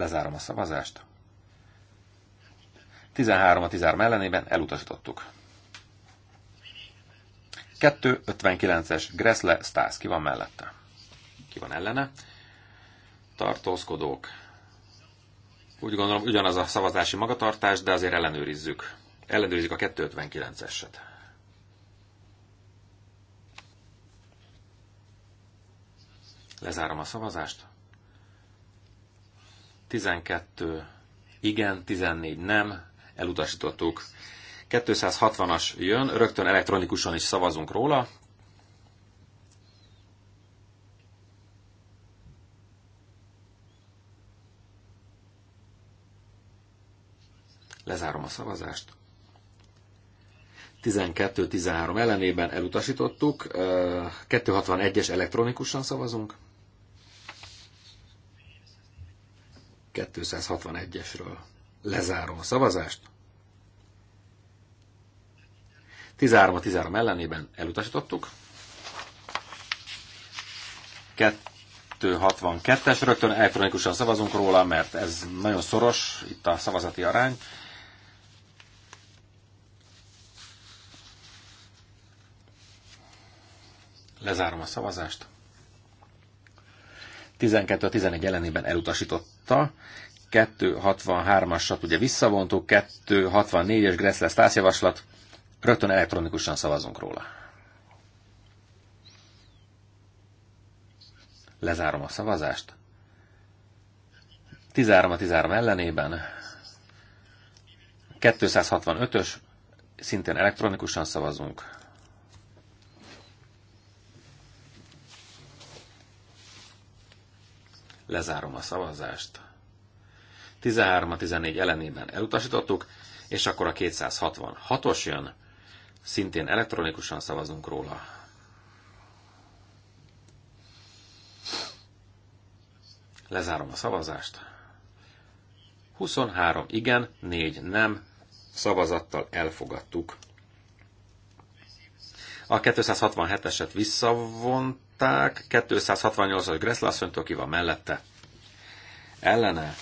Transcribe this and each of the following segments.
Lezárom a szavazást. 13 a 13 ellenében elutasítottuk. 259-es Gressle Stász. Ki van mellette? Ki van ellene? Tartózkodók. Úgy gondolom, ugyanaz a szavazási magatartás, de azért ellenőrizzük. Ellenőrizzük a 259-eset. Lezárom a szavazást. 12 igen, 14 nem, elutasítottuk. 260-as jön, rögtön elektronikusan is szavazunk róla. Lezárom a szavazást. 12-13 ellenében elutasítottuk, 261-es elektronikusan szavazunk. 261-esről. Lezárom a szavazást. 13 a 13 ellenében elutasítottuk. 262-es, rögtön elektronikusan szavazunk róla, mert ez nagyon szoros, itt a szavazati arány. Lezárom a szavazást. 12-11 ellenében elutasított elfogadta, 263-asat ugye visszavontuk, 264-es Gressles társjavaslat, rögtön elektronikusan szavazunk róla. Lezárom a szavazást. 13 a 13 ellenében, 265-ös, szintén elektronikusan szavazunk. Lezárom a szavazást. 13 a 14 ellenében elutasítottuk, és akkor a 266-os jön. Szintén elektronikusan szavazunk róla. Lezárom a szavazást. 23 igen, 4 nem, szavazattal elfogadtuk. A 267-eset visszavont, elfogadták. 268-as Gressle ki van mellette. Ellene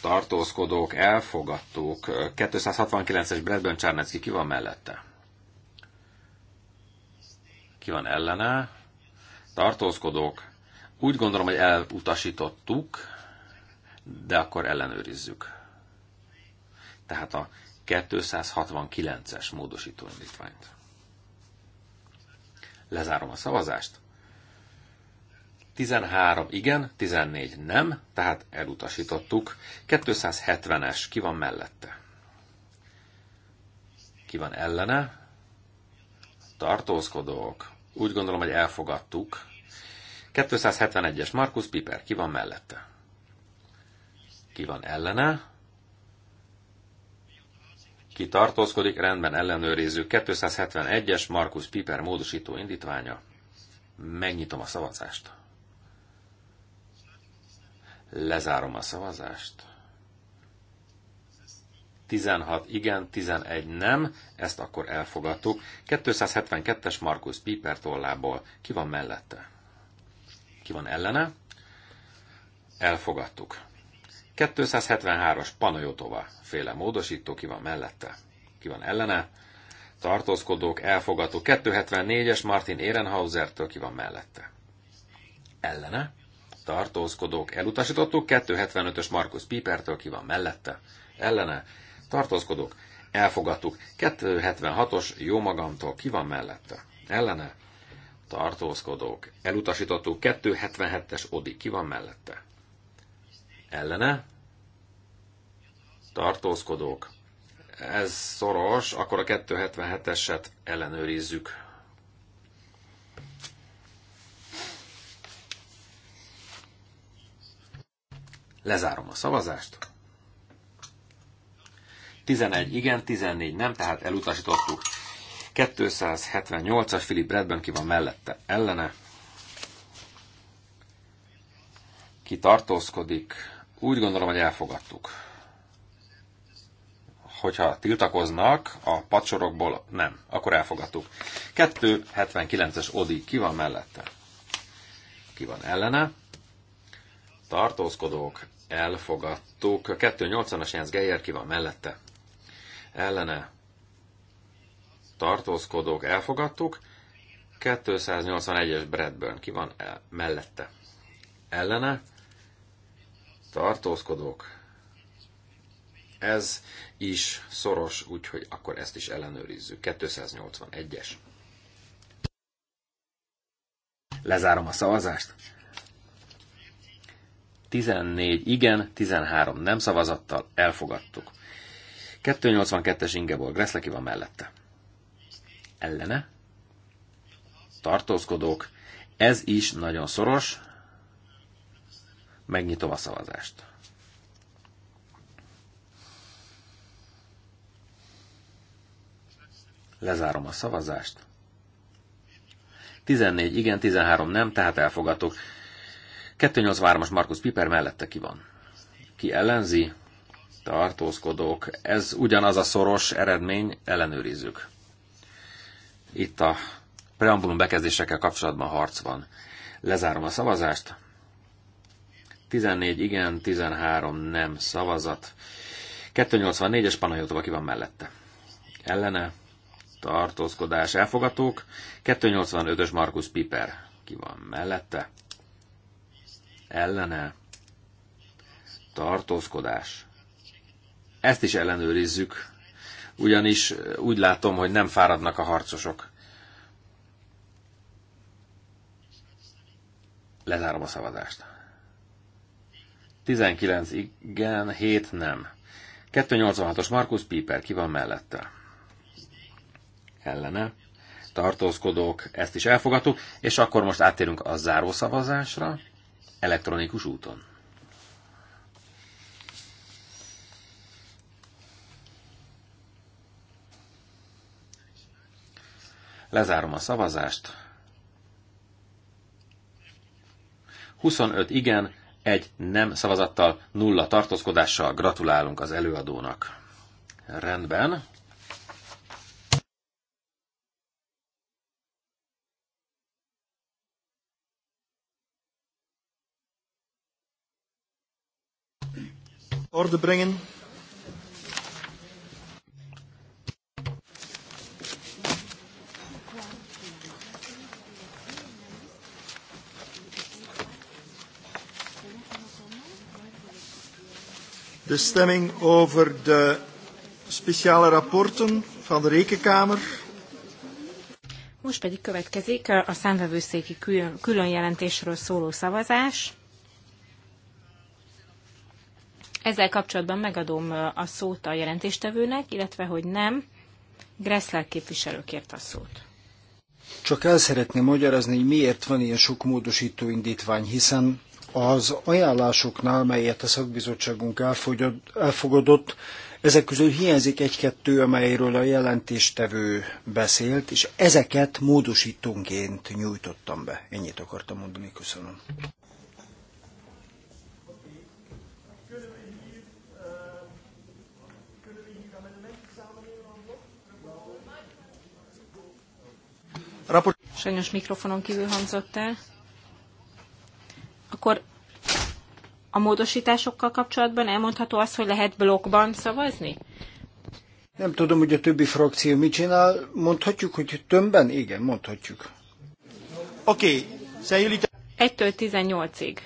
tartózkodók, elfogadtók. 269-es Bradburn Csárnecki ki van mellette? Ki van ellene? Tartózkodók. Úgy gondolom, hogy elutasítottuk, de akkor ellenőrizzük. Tehát a 269-es módosító indítványt. Lezárom a szavazást. 13 igen, 14 nem, tehát elutasítottuk. 270-es, ki van mellette? Ki van ellene? Tartózkodók. Úgy gondolom, hogy elfogadtuk. 271-es, Markus Piper, ki van mellette? Ki van ellene? Ki tartózkodik, rendben ellenőrizzük. 271-es, Markus Piper módosító indítványa. Megnyitom a szavazást. Lezárom a szavazást. 16 igen, 11 nem, ezt akkor elfogadtuk. 272-es Markus Piper tollából. Ki van mellette? Ki van ellene? Elfogadtuk. 273-as Panajotova féle módosító, ki van mellette? Ki van ellene? Tartózkodók, elfogadtuk. 274-es Martin Ehrenhauser-től ki van mellette? Ellene? tartózkodók elutasítottuk, 275-ös Markus Pipertől ki van mellette, ellene, tartózkodók elfogadtuk, 276-os jó magamtól ki van mellette, ellene, tartózkodók elutasítottuk, 277-es Odi ki van mellette, ellene, tartózkodók ez szoros, akkor a 277-eset ellenőrizzük. Lezárom a szavazást. 11 igen, 14 nem, tehát elutasítottuk. 278-as Philip Redben ki van mellette ellene. Ki tartózkodik. Úgy gondolom, hogy elfogadtuk. Hogyha tiltakoznak a pacsorokból, nem, akkor elfogadtuk. 279-es Odi ki van mellette? Ki van ellene? Tartózkodók, elfogadtuk. 280-as Jens Geyer ki van mellette. Ellene tartózkodók elfogadtuk. 281-es Bradburn ki van el, mellette. Ellene tartózkodók. Ez is szoros, úgyhogy akkor ezt is ellenőrizzük. 281-es. Lezárom a szavazást. 14 igen, 13 nem szavazattal elfogadtuk. 282-es Ingeborg Gressle van mellette. Ellene. Tartózkodók. Ez is nagyon szoros. Megnyitom a szavazást. Lezárom a szavazást. 14 igen, 13 nem, tehát elfogadtuk. 283-as Markus Piper mellette ki van. Ki ellenzi? Tartózkodók. Ez ugyanaz a szoros eredmény, ellenőrizzük. Itt a preambulum bekezdésekkel kapcsolatban harc van. Lezárom a szavazást. 14 igen, 13 nem szavazat. 284-es Panajotova ki van mellette. Ellene tartózkodás elfogatók. 285-ös Markus Piper ki van mellette ellene tartózkodás. Ezt is ellenőrizzük, ugyanis úgy látom, hogy nem fáradnak a harcosok. Lezárom a szavazást. 19 igen, 7 nem. 286-os Markus Piper, ki van mellette? Ellene. Tartózkodók, ezt is elfogadtuk, és akkor most áttérünk a zárószavazásra elektronikus úton. Lezárom a szavazást. 25 igen, egy nem szavazattal, nulla tartózkodással gratulálunk az előadónak. Rendben. orde brengen. De stemming over de speciale rapporten van de Rekenkamer. Most pedig következik a számvevőszéki külön jelentésről szóló szavazás. Ezzel kapcsolatban megadom a szót a jelentéstevőnek, illetve hogy nem, Gressler képviselő a szót. Csak el szeretném magyarázni, hogy miért van ilyen sok módosító indítvány, hiszen az ajánlásoknál, melyet a szakbizottságunk elfogadott, ezek közül hiányzik egy-kettő, amelyről a jelentéstevő beszélt, és ezeket módosítónként nyújtottam be. Ennyit akartam mondani, köszönöm. Raport... Sajnos mikrofonon kívül hangzott el. Akkor a módosításokkal kapcsolatban elmondható az, hogy lehet blokkban szavazni? Nem tudom, hogy a többi frakció mit csinál. Mondhatjuk, hogy tömbben? Igen, mondhatjuk. Oké, okay. 1-től 18-ig.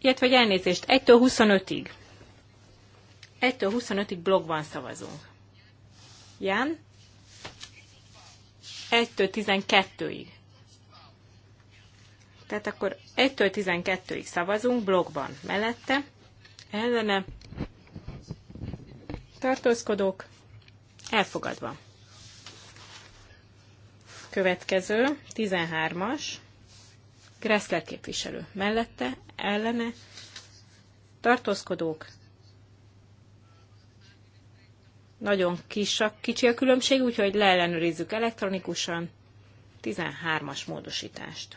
Illetve, hogy elnézést, 1-től 25-ig. 1-től 25-ig blogban szavazunk. Jan. 1-től 12-ig. Tehát akkor 1-től 12-ig szavazunk blogban. Mellette, ellene, tartózkodók, elfogadva. Következő, 13-as, Gressler képviselő. Mellette, ellene, tartózkodók, nagyon kis a, kicsi a különbség, úgyhogy leellenőrizzük elektronikusan 13-as módosítást.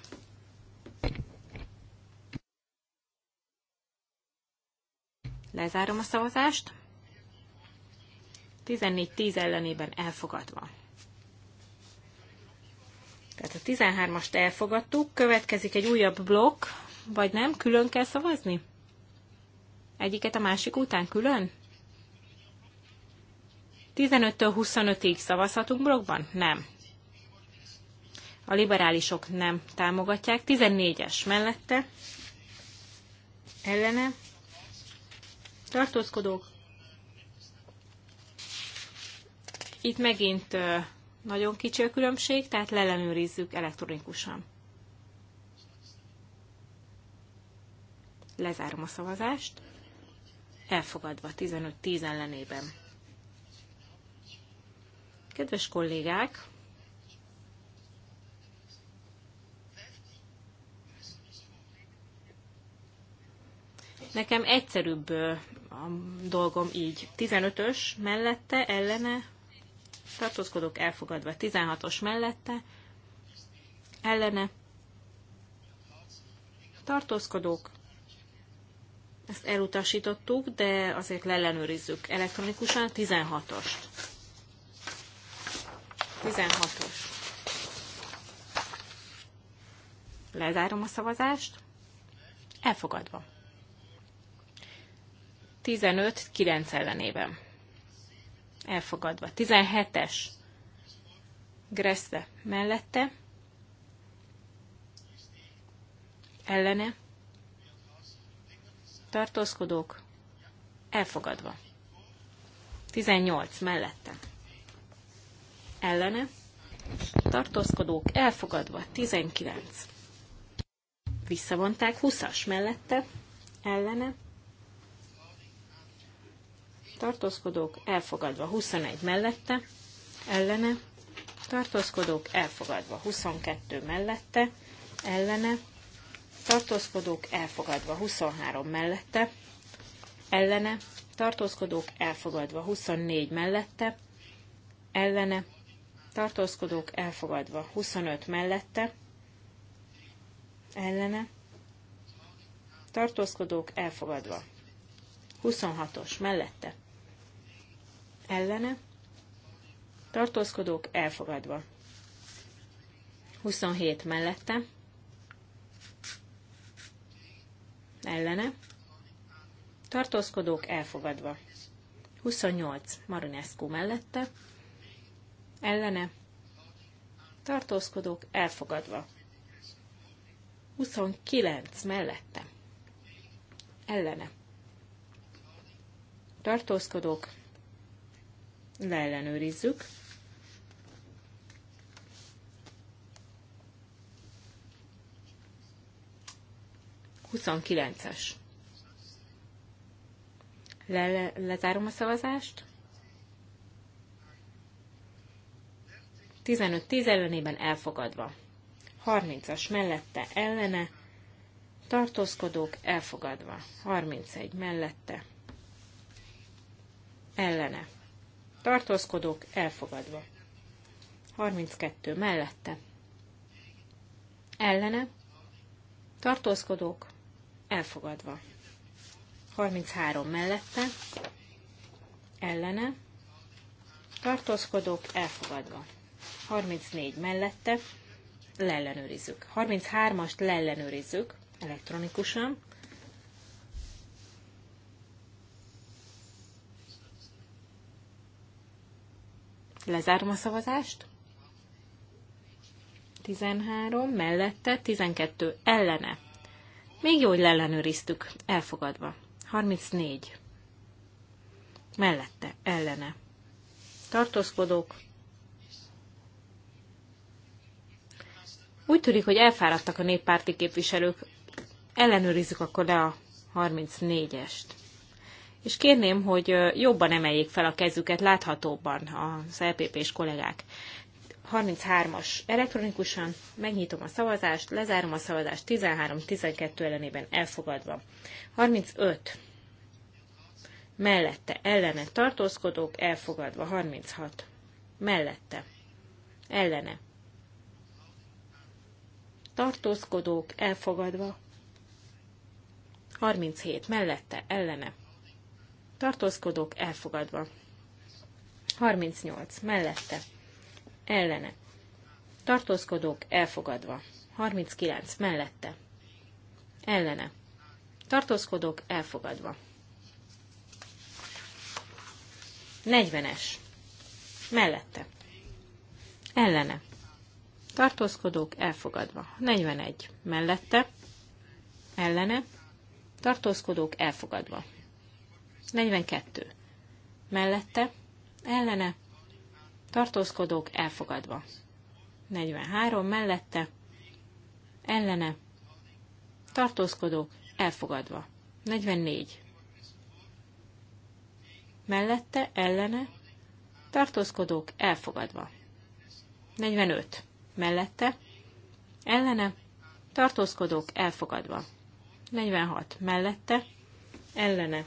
Lezárom a szavazást. 14-10 ellenében elfogadva. Tehát a 13-ast elfogadtuk, következik egy újabb blokk, vagy nem? Külön kell szavazni? Egyiket a másik után külön? 15-től 25-ig szavazhatunk blogban? Nem. A liberálisok nem támogatják. 14-es mellette ellene tartózkodók. Itt megint nagyon kicsi a különbség, tehát leellenőrizzük elektronikusan. Lezárom a szavazást. Elfogadva 15-10 ellenében. Kedves kollégák! Nekem egyszerűbb a dolgom így. 15-ös mellette, ellene, tartózkodok elfogadva. 16-os mellette, ellene, tartózkodók, ezt elutasítottuk, de azért ellenőrizzük elektronikusan 16-ost. 16-os. Lezárom a szavazást. Elfogadva. 15-9 ellenében. Elfogadva. 17-es. Gressle mellette. Ellene. Tartózkodók. Elfogadva. 18 mellette ellene, tartózkodók elfogadva 19. Visszavonták 20-as mellette, ellene, tartózkodók elfogadva 21 mellette, ellene, tartózkodók elfogadva 22 mellette, ellene, tartózkodók elfogadva 23 mellette, ellene, tartózkodók elfogadva 24 mellette, ellene, tartózkodók elfogadva. 25 mellette, ellene, tartózkodók elfogadva. 26-os mellette, ellene, tartózkodók elfogadva. 27 mellette, ellene, tartózkodók elfogadva. 28 Marunescu mellette, ellene tartózkodók elfogadva. 29 mellette ellene tartózkodók leellenőrizzük. Huszonkilences. Le, lezárom a szavazást. 15-10 ellenében elfogadva. 30-as mellette ellene, tartózkodók elfogadva. 31 mellette ellene, tartózkodók elfogadva. 32 mellette ellene, tartózkodók elfogadva. 33 mellette ellene, tartózkodók elfogadva. 34 mellette leellenőrizzük. 33-ast leellenőrizzük elektronikusan. Lezárom a szavazást. 13, mellette 12, ellene. Még jó, hogy leellenőriztük. Elfogadva. 34. Mellette, ellene. Tartózkodók, Úgy tűnik, hogy elfáradtak a néppárti képviselők. Ellenőrizzük akkor le a 34-est. És kérném, hogy jobban emeljék fel a kezüket láthatóban az LPP-s e kollégák. 33-as elektronikusan, megnyitom a szavazást, lezárom a szavazást 13-12 ellenében elfogadva. 35 mellette ellene tartózkodók elfogadva, 36 mellette ellene tartózkodók elfogadva. 37 mellette ellene tartózkodók elfogadva. 38 mellette ellene tartózkodók elfogadva. 39 mellette ellene tartózkodók elfogadva. 40-es mellette ellene tartózkodók elfogadva. 41 mellette, ellene, tartózkodók elfogadva. 42 mellette, ellene, tartózkodók elfogadva. 43 mellette, ellene, tartózkodók elfogadva. 44 mellette, ellene, tartózkodók elfogadva. 45 mellette, ellene, tartózkodók elfogadva. 46 mellette, ellene,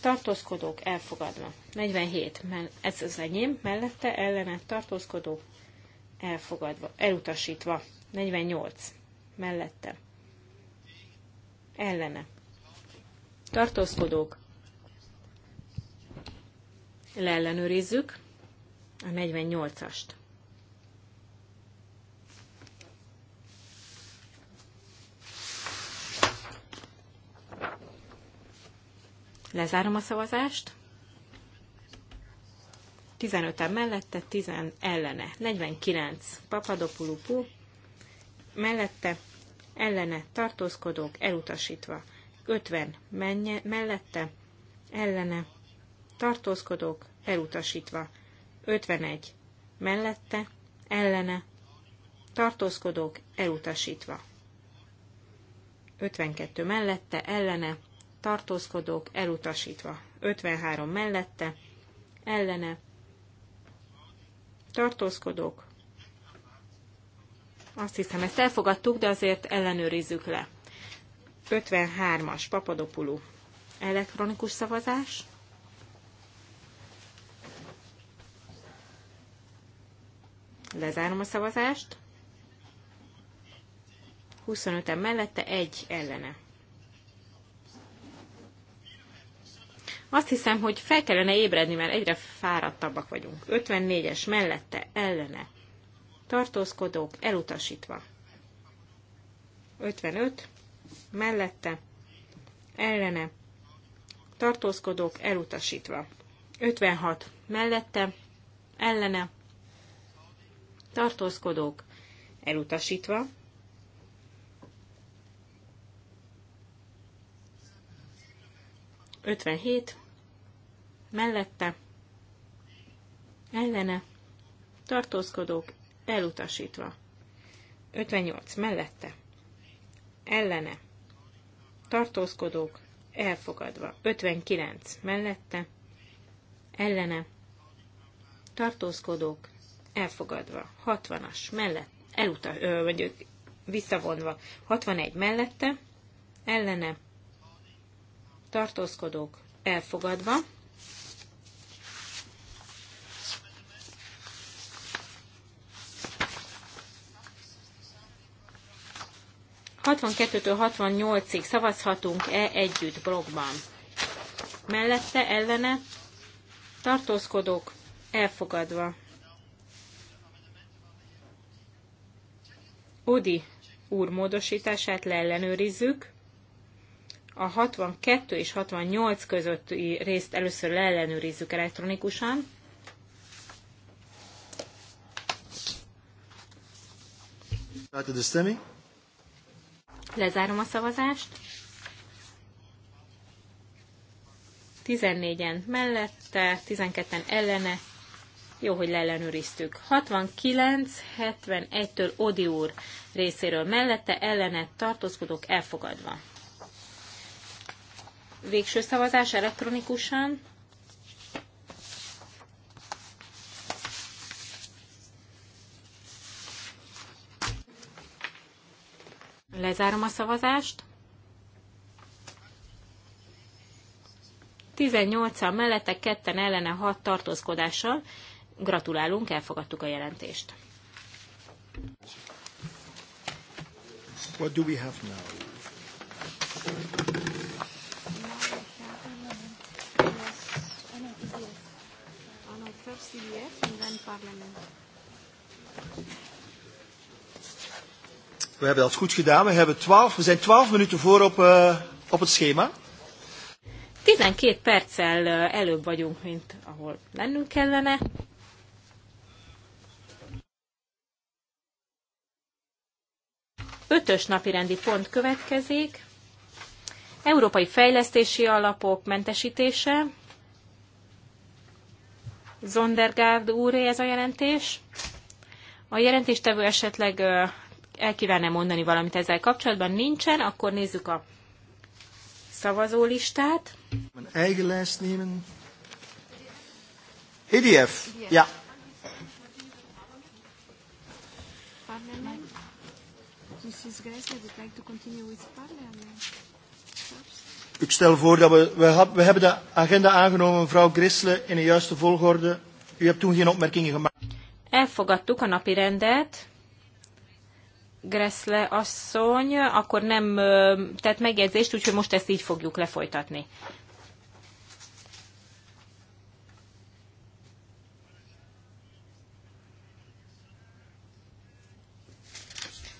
tartózkodók elfogadva. 47, ez az enyém, mellette, ellene, tartózkodók elfogadva, elutasítva. 48 mellette, ellene, tartózkodók leellenőrizzük a 48-ast. Lezárom a szavazást. 15 mellette, 10 ellene. 49 Papadopoulou mellette, ellene tartózkodók elutasítva. 50 menje, mellette, ellene tartózkodók elutasítva. 51 mellette, ellene tartózkodók elutasítva. 52 mellette, ellene tartózkodók elutasítva. 53 mellette, ellene, tartózkodók. Azt hiszem, ezt elfogadtuk, de azért ellenőrizzük le. 53-as Papadopulú elektronikus szavazás. Lezárom a szavazást. 25-en mellette, egy ellene. Azt hiszem, hogy fel kellene ébredni, mert egyre fáradtabbak vagyunk. 54-es mellette ellene tartózkodók elutasítva. 55 mellette ellene tartózkodók elutasítva. 56 mellette ellene tartózkodók elutasítva. 57 mellette, ellene, tartózkodók elutasítva. 58 mellette, ellene, tartózkodók elfogadva. 59 mellette, ellene, tartózkodók elfogadva. 60-as mellett, eluta, ö, vagy visszavonva. 61 mellette, ellene, tartózkodók elfogadva. 62-től 68-ig szavazhatunk-e együtt blogban. Mellette ellene tartózkodók elfogadva. Odi úr módosítását leellenőrizzük. A 62 és 68 közötti részt először leellenőrizzük elektronikusan. Started the stemming. Lezárom a szavazást. 14-en mellette, 12-en ellene. Jó, hogy leellenőriztük. 69-71-től Odi úr részéről mellette, ellene tartózkodók elfogadva. Végső szavazás elektronikusan. Lezárom a szavazást. 18-an mellette, ketten ellene, 6 tartózkodással. Gratulálunk, elfogadtuk a jelentést. What do we have now? first CDF and then parliament. We hebben dat goed gedaan. We, hebben twaalf, we zijn twaalf minuten voor op, uh, op het schema. 12 perccel eh, előbb vagyunk, mint ahol lennünk kellene. Ötös napirendi pont következik. Európai Fejlesztési Alapok mentesítése. Zondergaard úré ez a jelentés. A jelentéstevő esetleg eh, el kívánne mondani valamit ezzel kapcsolatban, nincsen, akkor nézzük a szavazólistát. Eigen e ja. Ik stel voor dat we, we, we hebben de agenda aangenomen, mevrouw Grisle, in de juiste volgorde. U hebt toen geen opmerkingen gemaakt. Elfogadtuk a napi rendet. Gressle asszony, akkor nem tett megjegyzést, úgyhogy most ezt így fogjuk lefolytatni.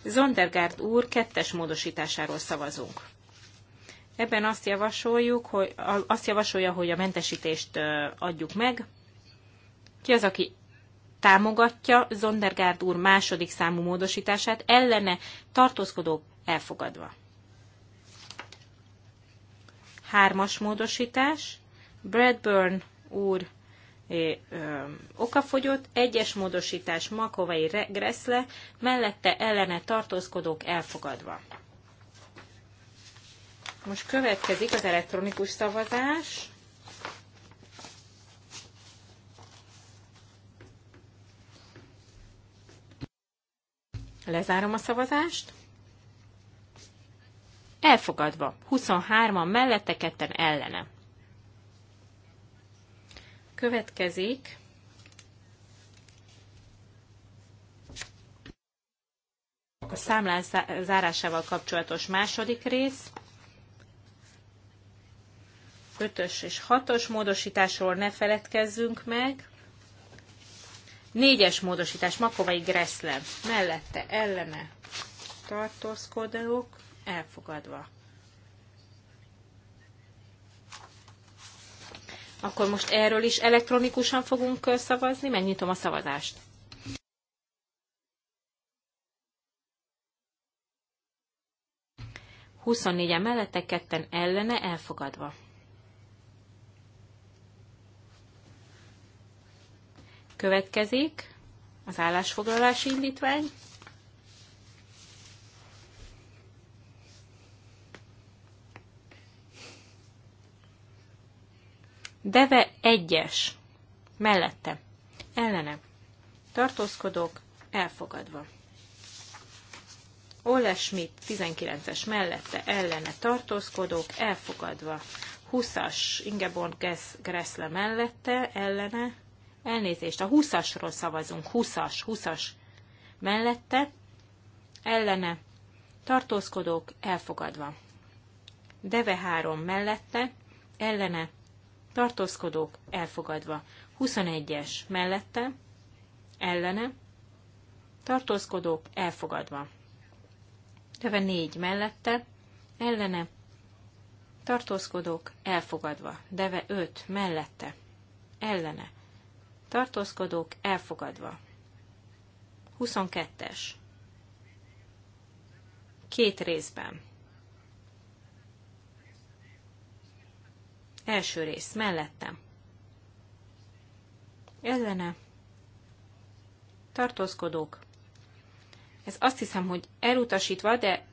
Zondergárd úr kettes módosításáról szavazunk. Ebben azt, javasoljuk, hogy, azt javasolja, hogy a mentesítést adjuk meg. Ki az, aki támogatja Zondergárd úr második számú módosítását, ellene tartózkodók elfogadva. Hármas módosítás, Bradburn úr ö, okafogyott, egyes módosítás Makovai Gressle, mellette ellene tartózkodók elfogadva. Most következik az elektronikus szavazás. Lezárom a szavazást. Elfogadva. 23-an mellette, ketten ellene. Következik a számlás zárásával kapcsolatos második rész. 5-ös és 6-os módosításról ne feledkezzünk meg. Négyes módosítás, Makovai Gressler. Mellette, ellene tartózkodók, elfogadva. Akkor most erről is elektronikusan fogunk szavazni, megnyitom a szavazást. Huszonnégyen mellette, ketten ellene, elfogadva. Következik az állásfoglalási indítvány. Deve egyes. Mellette. Ellene. Tartózkodók. Elfogadva. Ole Schmidt 19-es mellette ellene tartózkodók elfogadva. 20-as Ingeborg Gressle mellette ellene elnézést, a 20-asról szavazunk, 20-as, 20-as mellette, ellene, tartózkodók elfogadva. Deve 3 mellette, ellene, tartózkodók elfogadva. 21-es mellette, ellene, tartózkodók elfogadva. Deve 4 mellette, ellene, tartózkodók elfogadva. Deve 5 mellette, ellene, tartózkodók elfogadva. 22-es. Két részben. Első rész, mellettem. Ellene. Tartózkodók. Ez azt hiszem, hogy elutasítva, de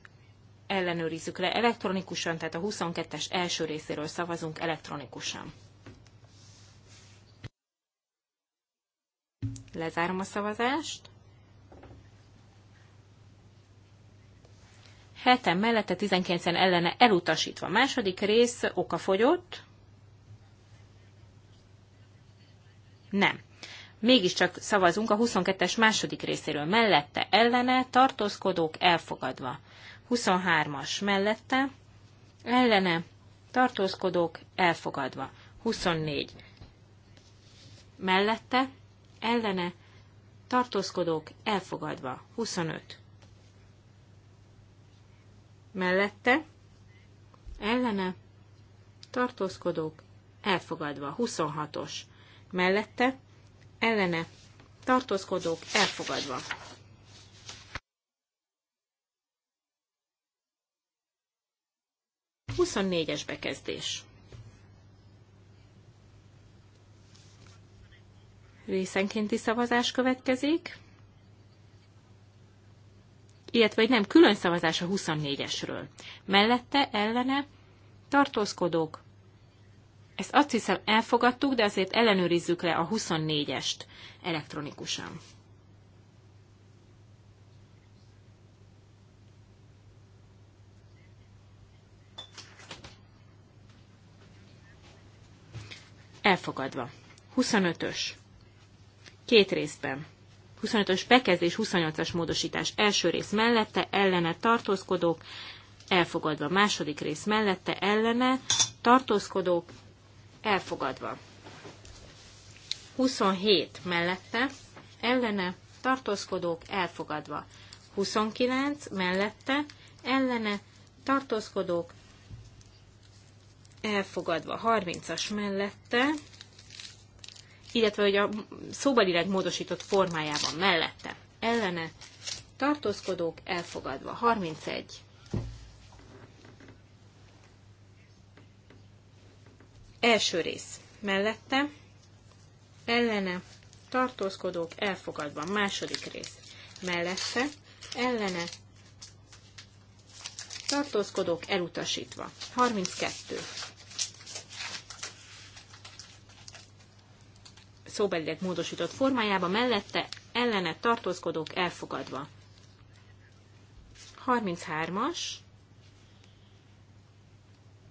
ellenőrizzük le elektronikusan, tehát a 22-es első részéről szavazunk elektronikusan. Lezárom a szavazást. Heten mellette 19 ellene elutasítva. Második rész okafogyott. Nem. Mégiscsak szavazunk a 22-es második részéről. Mellette ellene tartózkodók elfogadva. 23-as mellette ellene tartózkodók elfogadva. 24 mellette ellene, tartózkodók elfogadva, 25. Mellette, ellene, tartózkodók elfogadva, 26-os. Mellette, ellene, tartózkodók elfogadva. Huszonnégyes bekezdés. részenkénti szavazás következik, illetve egy nem külön szavazás a 24-esről. Mellette ellene tartózkodók. Ezt azt hiszem elfogadtuk, de azért ellenőrizzük le a 24-est elektronikusan. Elfogadva. 25-ös. Két részben. 25-ös bekezdés, 28-as módosítás első rész mellette, ellene tartózkodók, elfogadva. Második rész mellette, ellene tartózkodók, elfogadva. 27 mellette, ellene tartózkodók, elfogadva. 29 mellette, ellene tartózkodók, elfogadva. 30-as mellette, illetve hogy a szóbelileg módosított formájában mellette ellene tartózkodók elfogadva. 31. Első rész mellette ellene tartózkodók elfogadva. Második rész mellette ellene tartózkodók elutasítva. 32. szóbelileg módosított formájába mellette ellene tartózkodók elfogadva. 33-as,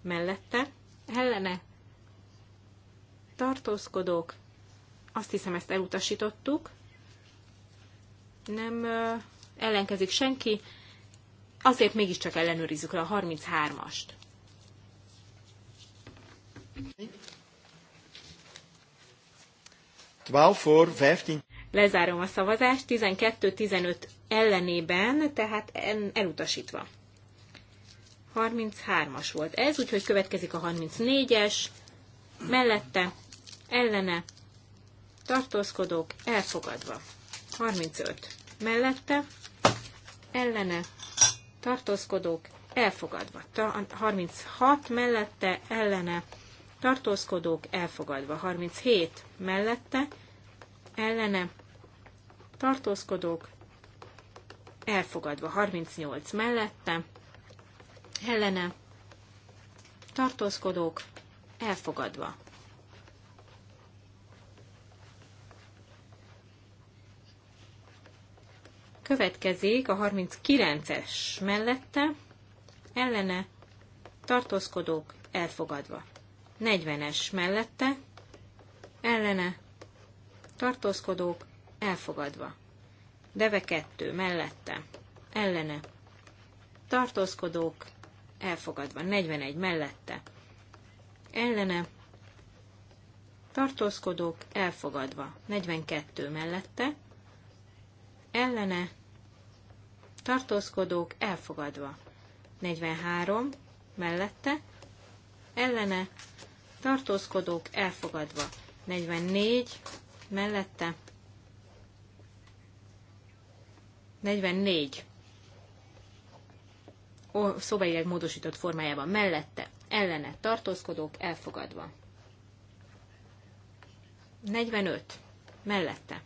mellette ellene tartózkodók, azt hiszem ezt elutasítottuk, nem ö, ellenkezik senki, azért mégiscsak ellenőrizzük le a 33-ast. 12 for 15. Lezárom a szavazást 12-15 ellenében, tehát elutasítva. 33-as volt ez, úgyhogy következik a 34-es, mellette, ellene, tartózkodók, elfogadva. 35. Mellette, ellene, tartózkodók, elfogadva. 36 mellette, ellene, tartózkodók elfogadva. 37 mellette, ellene, tartózkodók elfogadva. 38 mellette, ellene, tartózkodók elfogadva. Következik a 39-es mellette, ellene tartózkodók elfogadva. 40-es mellette, ellene, tartózkodók, elfogadva. Deve 2 mellette, ellene, tartózkodók, elfogadva. 41 mellette, ellene, tartózkodók, elfogadva. 42 mellette, ellene, tartózkodók, elfogadva. 43 mellette, ellene, tartózkodók elfogadva. 44 mellette 44 szobaileg módosított formájában mellette ellene tartózkodók elfogadva. 45 mellette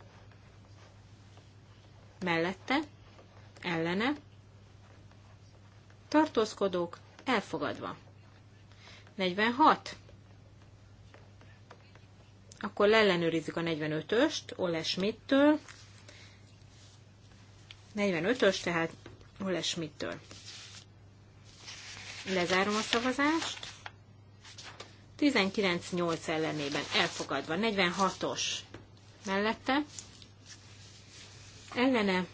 mellette ellene tartózkodók elfogadva. 46 akkor ellenőrizzük a 45-öst Ole Schmidt-től. 45-ös, tehát Ole Schmidt-től. Lezárom a szavazást. 19-8 ellenében elfogadva. 46-os mellette. Ellene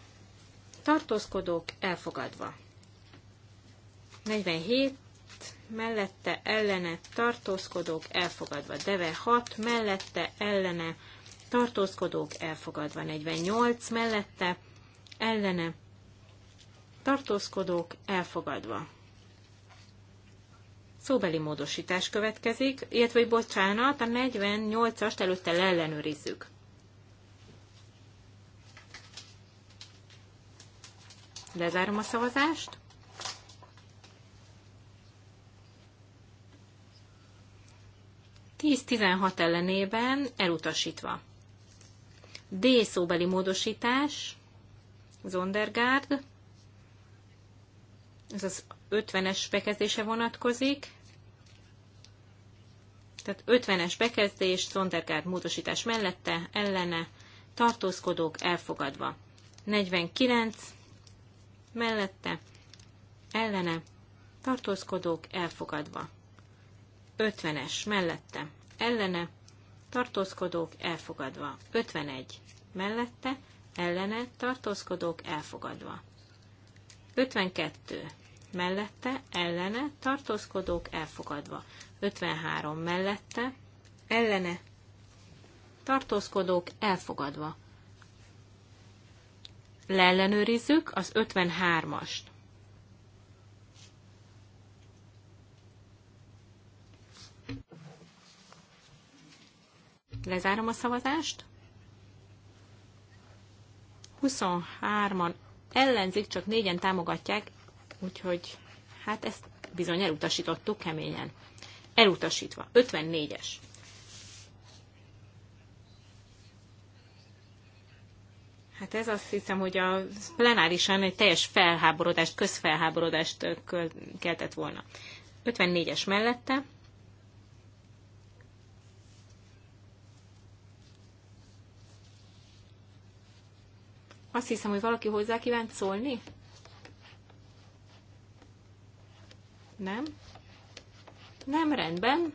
tartózkodók elfogadva. 47 mellette ellene tartózkodók elfogadva. Deve 6 mellette ellene tartózkodók elfogadva. 48 mellette ellene tartózkodók elfogadva. Szóbeli módosítás következik, illetve, hogy bocsánat, a 48-ast előtte leellenőrizzük. Lezárom a szavazást. 10-16 ellenében elutasítva. D szóbeli módosítás, Zondergárd, ez az 50-es bekezdése vonatkozik, tehát 50-es bekezdés, Zondergárd módosítás mellette, ellene, tartózkodók elfogadva. 49 mellette, ellene, tartózkodók elfogadva. 50-es mellette ellene tartózkodók elfogadva. 51 mellette ellene tartózkodók elfogadva. 52 mellette ellene tartózkodók elfogadva. 53 mellette ellene tartózkodók elfogadva. Leellenőrizzük az 53-ast. Lezárom a szavazást. 23-an ellenzik, csak négyen támogatják, úgyhogy hát ezt bizony elutasítottuk keményen. Elutasítva. 54-es. Hát ez azt hiszem, hogy a plenárisan egy teljes felháborodást, közfelháborodást keltett volna. 54-es mellette, Azt hiszem, hogy valaki hozzá kívánt szólni? Nem? Nem, rendben.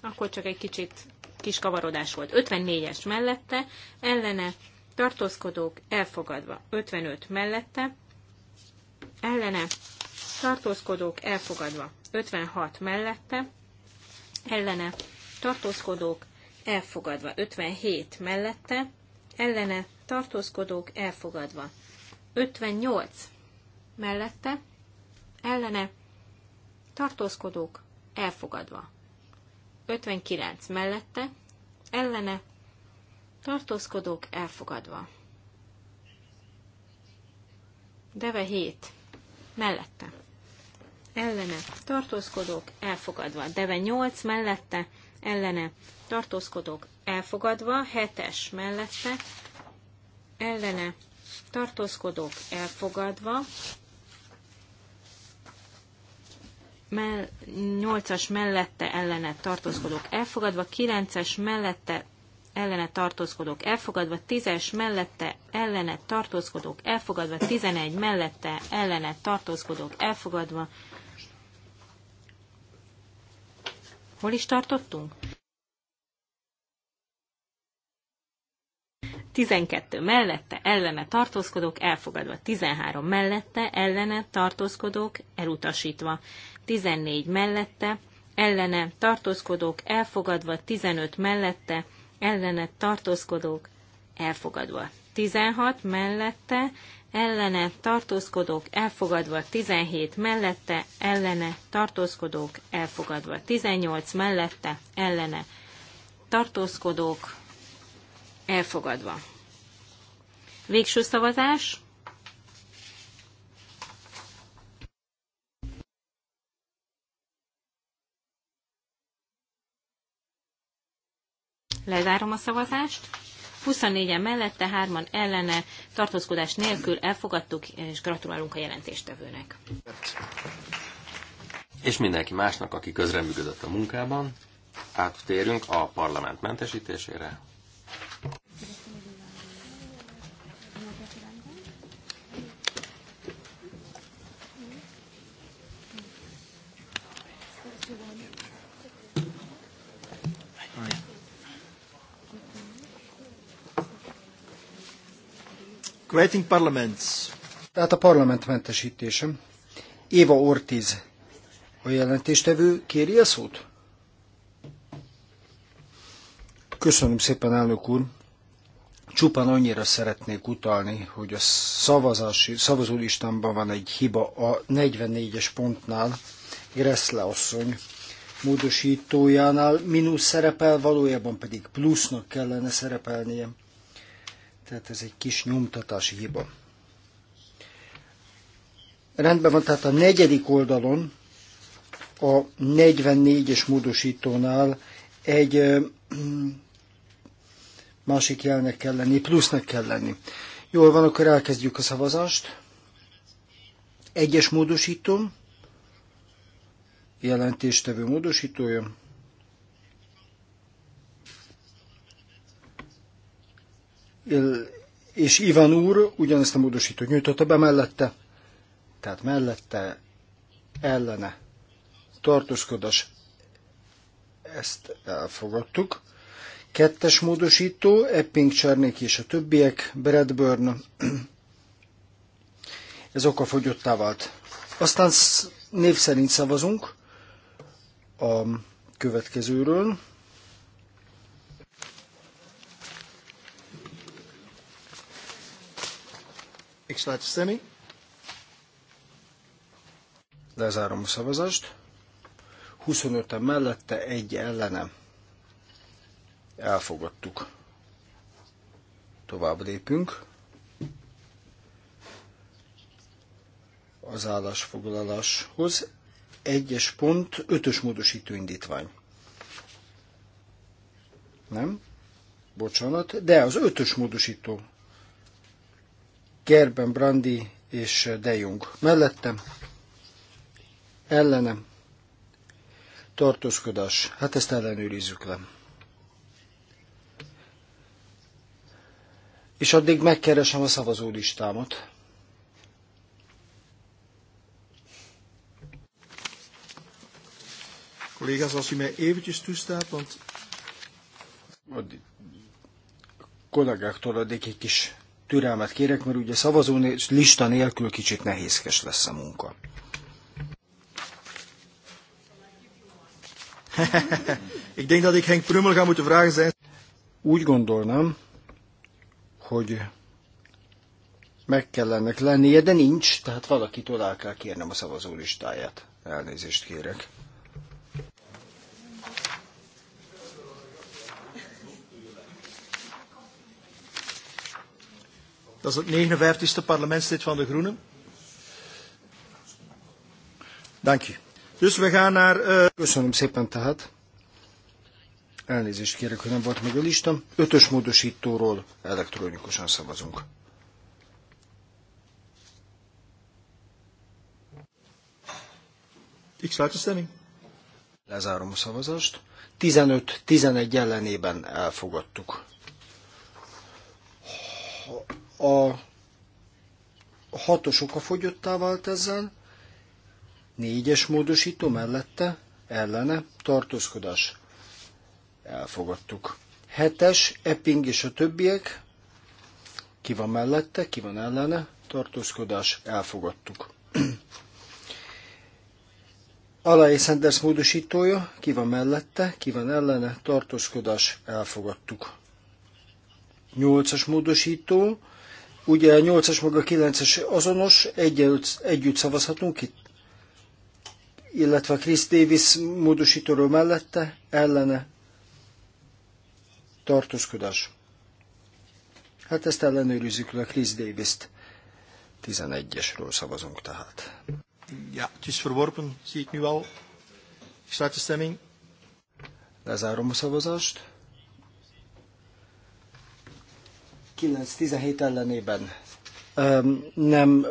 Akkor csak egy kicsit kis kavarodás volt. 54-es mellette, ellene tartózkodók elfogadva. 55 mellette, ellene tartózkodók elfogadva. 56 mellette, ellene tartózkodók elfogadva. 57 mellette, ellene tartózkodók elfogadva. 58 mellette ellene tartózkodók elfogadva. 59 mellette ellene tartózkodók elfogadva. Deve 7 mellette ellene tartózkodók elfogadva. Deve 8 mellette ellene tartózkodok elfogadva, hetes mellette, ellene tartózkodok elfogadva, mell, 8-as mellette ellene tartózkodok elfogadva, 9-es mellette ellene tartózkodok elfogadva, 10-es mellette ellene tartózkodok elfogadva, 11 mellette ellene tartózkodok elfogadva. Hol is tartottunk? 12 mellette ellene tartózkodók elfogadva, 13 mellette ellene tartózkodók elutasítva, 14 mellette ellene tartózkodók elfogadva, 15 mellette ellene tartózkodók elfogadva, 16 mellette ellene tartózkodók elfogadva, 17 mellette ellene tartózkodók elfogadva, 18 mellette ellene tartózkodók Elfogadva. Végső szavazás. Lezárom a szavazást. 24-en mellette, 3-an ellene, tartózkodás nélkül elfogadtuk, és gratulálunk a jelentéstevőnek. És mindenki másnak, aki közreműködött a munkában, áttérünk a parlament mentesítésére. Creating Parliaments. Tehát a parlament mentesítésem. Éva Ortiz a jelentéstevő kéri a szót? Köszönöm szépen, elnök úr. Csupán annyira szeretnék utalni, hogy a szavazási, szavazólistámban van egy hiba a 44-es pontnál, Gressle asszony módosítójánál mínusz szerepel, valójában pedig plusznak kellene szerepelnie. Tehát ez egy kis nyomtatási hiba. Rendben van, tehát a negyedik oldalon, a 44-es módosítónál egy másik jelnek kell lenni, plusznak kell lenni. Jól van, akkor elkezdjük a szavazást. Egyes módosítom, jelentéstevő módosítója. És Ivan úr ugyanezt a módosítót nyújtotta be mellette, tehát mellette, ellene, tartózkodás. Ezt elfogadtuk. Kettes módosító, Epping, Csernék és a többiek, Bradburn, ez okafogyottá vált. Aztán név szerint szavazunk a következőről. És látszani. Lezárom a szavazást. 25-en mellette, egy ellenem. Elfogadtuk. Tovább lépünk. Az állásfoglaláshoz egyes pont, ötös módosító indítvány. Nem? Bocsánat, de az ötös módosító. Gerben Brandi és De Jong. Mellettem, ellenem, tartózkodás. Hát ezt ellenőrizzük le. és addig megkeresem a szavazólistámat. Collega's, als u mij eventjes toestaat, want... A kollégáktól addig egy kis türelmet kérek, mert ugye szavazó lista nélkül kicsit nehézkes lesz a munka. ik denk dat ik Henk Prummel ga moeten vragen zijn. Úgy gondolnám, hogy meg kell ennek lennie, de nincs, tehát valakitől el kell kérnem a szavazólistáját. Elnézést kérek. Dat is het 59ste parlementslid van de Groenen. Dank je. Dus we gaan naar... Uh... Köszönöm szépen tehát. Elnézést kérek, hogy nem volt még a lista. Ötös módosítóról elektronikusan szavazunk. Ich Lezárom a szavazást. 15-11 ellenében elfogadtuk. A hatos oka fogyottá vált ezzel, négyes módosító mellette, ellene, tartózkodás elfogadtuk. Hetes, Epping és a többiek, ki van mellette, ki van ellene, tartózkodás, elfogadtuk. Alai Sanders módosítója, ki van mellette, ki van ellene, tartózkodás, elfogadtuk. Nyolcas módosító, ugye a nyolcas maga kilences azonos, együtt, együtt szavazhatunk itt, illetve Chris Davis módosítóról mellette, ellene, tartózkodás. Hát ezt ellenőrizzük le Chris davis 11-esről szavazunk tehát. Ja, het is verworpen, zie ik nu al. Ik sluit de stemming. Lezárom a szavazást. 9-17 ellenében nem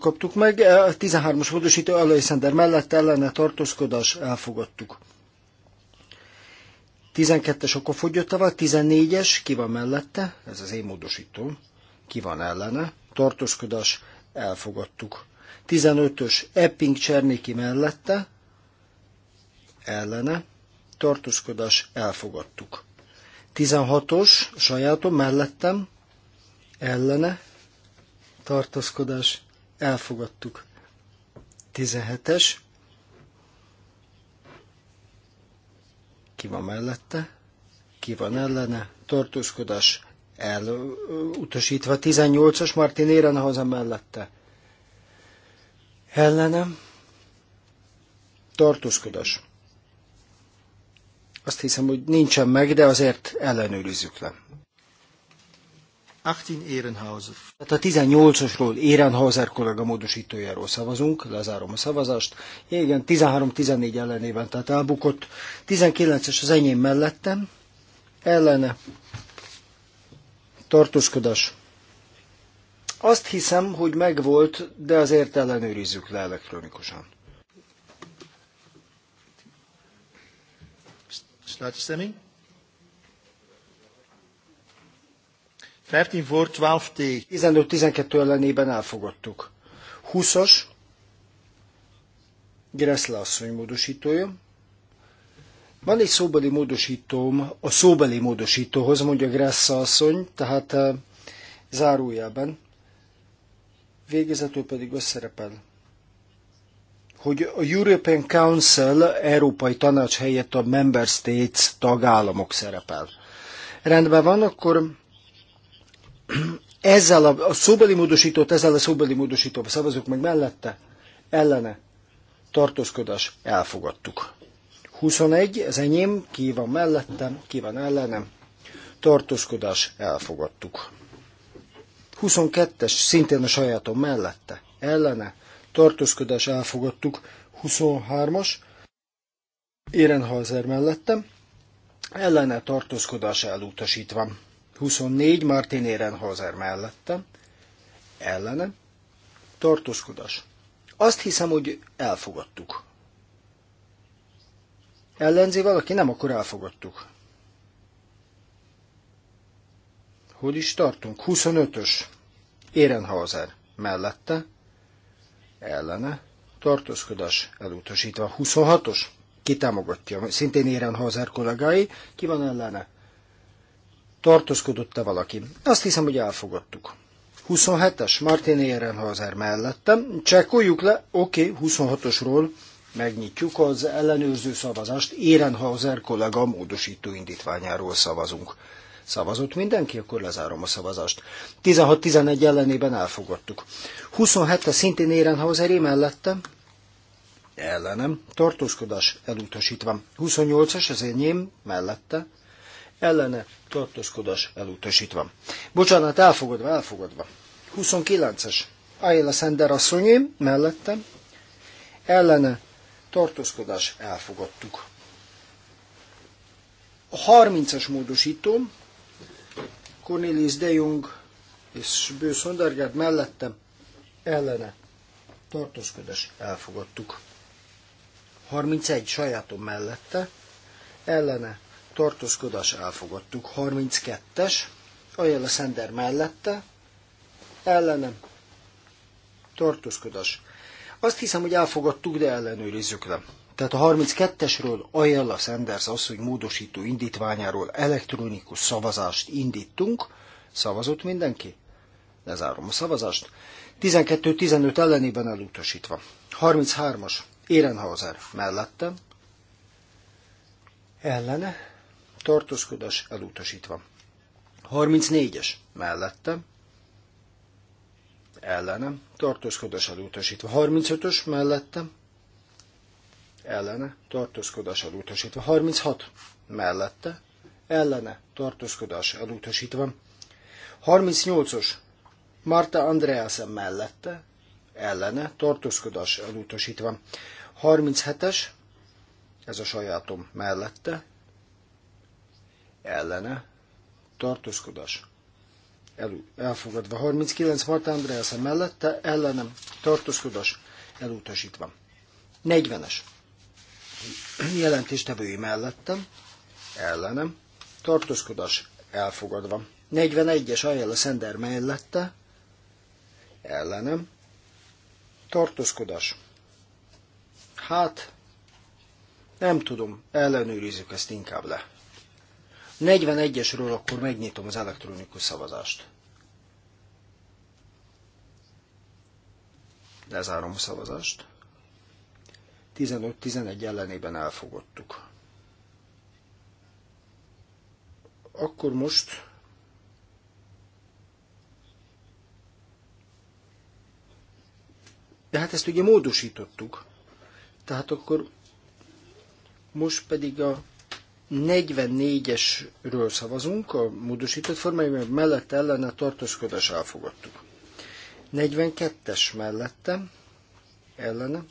kaptuk meg. 13-as módosító Alexander mellett ellene tartózkodás elfogadtuk. 12-es okofogyotával, 14-es, ki van mellette, ez az én módosító, ki van ellene, tartózkodás, elfogadtuk. 15-ös Epping Cserniki mellette, ellene, tartózkodás, elfogadtuk. 16-os sajátom mellettem, ellene, tartózkodás, elfogadtuk. 17-es ki van mellette, ki van ellene, tartózkodás elutasítva, 18-as Martin éren haza mellette, ellenem, tartózkodás. Azt hiszem, hogy nincsen meg, de azért ellenőrizzük le. 18 Ehrenhauser. Tehát a 18-osról Ehrenhauser kollega módosítójáról szavazunk, lezárom a szavazást. Igen, 13-14 ellenében, tehát elbukott. 19-es az enyém mellettem, ellene tartózkodás. Azt hiszem, hogy megvolt, de azért ellenőrizzük le elektronikusan. Start stemming. 15-12 ellenében elfogadtuk. 20-as, Gressle asszony módosítója. Van egy szóbeli módosítóm, a szóbeli módosítóhoz mondja Gressle asszony, tehát eh, zárójában Végezetül pedig összerepel hogy a European Council, Európai Tanács helyett a Member States tagállamok szerepel. Rendben van, akkor ezzel a, a szóbeli módosítót, ezzel a szóbeli módosítóval szavazunk meg mellette, ellene, tartózkodás, elfogadtuk. 21, ez enyém, ki van mellettem, ki van ellenem, tartózkodás, elfogadtuk. 22-es, szintén a sajátom mellette, ellene, tartózkodás, elfogadtuk. 23-as, Érenhalzer mellettem, ellene tartózkodás elutasítva. 24 Martin Ehrenhauser mellette, ellene, tartózkodás. Azt hiszem, hogy elfogadtuk. Ellenzi valaki? Nem, akkor elfogadtuk. Hogy is tartunk? 25-ös. Ehrenhauser mellette, ellene, tartózkodás elutasítva. 26-os támogatja, szintén Ehrenhauser kollégái, ki van ellene? Tartózkodott-e valaki? Azt hiszem, hogy elfogadtuk. 27-es Martin Ehrenhauser mellettem. Csekkoljuk le, oké, okay, 26-osról megnyitjuk az ellenőrző szavazást. Ehrenhauser kollega módosító indítványáról szavazunk. Szavazott mindenki, akkor lezárom a szavazást. 16-11 ellenében elfogadtuk. 27 es szintén Ehrenhauseré mellettem. Ellenem. Tartózkodás elutasítva. 28-as az enyém mellette ellene tartózkodás elutasítva. Bocsánat, elfogadva, elfogadva. 29-es. Ayla Sender asszonyé, mellettem. Ellene tartózkodás elfogadtuk. A 30 es módosítóm, Cornelis de Jong és Bő Szondergárd mellettem, ellene tartózkodás elfogadtuk. 31 sajátom mellette, ellene tartózkodás elfogadtuk. 32-es, Ajel a Szender mellette, ellenem, tartózkodás. Azt hiszem, hogy elfogadtuk, de ellenőrizzük le. Tehát a 32-esről Ajella Sanders hogy módosító indítványáról elektronikus szavazást indítunk. Szavazott mindenki? Lezárom a szavazást. 12-15 ellenében elutasítva. 33-as. Érenhauser mellette. Ellene tartózkodás elutasítva. 34-es mellette, ellene, tartózkodás elutasítva. 35-ös mellette, ellene, tartózkodás elutasítva. 36 mellette, ellene, tartózkodás elutasítva. 38-os Marta Andreasen mellette, ellene, tartózkodás elutasítva. 37-es, ez a sajátom mellette, ellene, tartózkodás el, elfogadva. 39 Marta Andreasen mellette, ellenem, tartózkodás elutasítva. 40-es jelentéstevői mellettem, ellenem, tartózkodás elfogadva. 41-es Ajala Szender mellette, ellenem, tartózkodás. Hát, nem tudom, ellenőrizzük ezt inkább le. 41-esről akkor megnyitom az elektronikus szavazást. Lezárom a szavazást. 15-11 ellenében elfogadtuk. Akkor most De hát ezt ugye módosítottuk. Tehát akkor most pedig a 44-esről szavazunk a módosított formájában, mellette ellene tartózkodás elfogadtuk. 42-es mellette ellene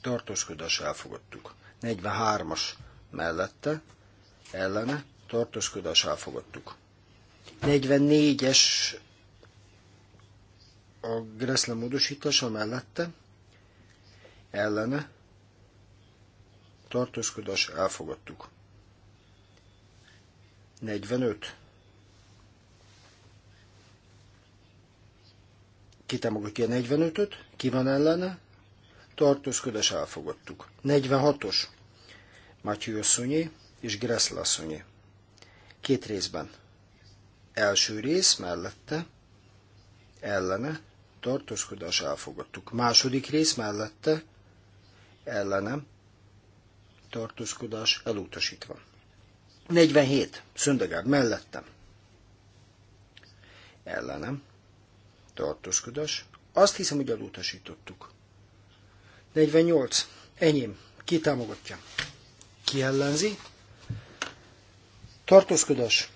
tartózkodás elfogadtuk. 43-as mellette ellene tartózkodás elfogadtuk. 44-es a Gressle módosítása mellette ellene tartózkodás elfogadtuk. 45. Ki támogatja a 45-öt? Ki van ellene? Tartózkodás elfogadtuk. 46-os. Matyő asszonyé és Gressla asszonyé. Két részben. Első rész mellette, ellene, tartózkodás elfogadtuk. Második rész mellette, ellenem, tartózkodás elutasítva. 47. Szöndegár mellettem. Ellenem. Tartózkodás. Azt hiszem, hogy elutasítottuk. 48. Enyém. Ki támogatja? Ki ellenzi? Tartózkodás.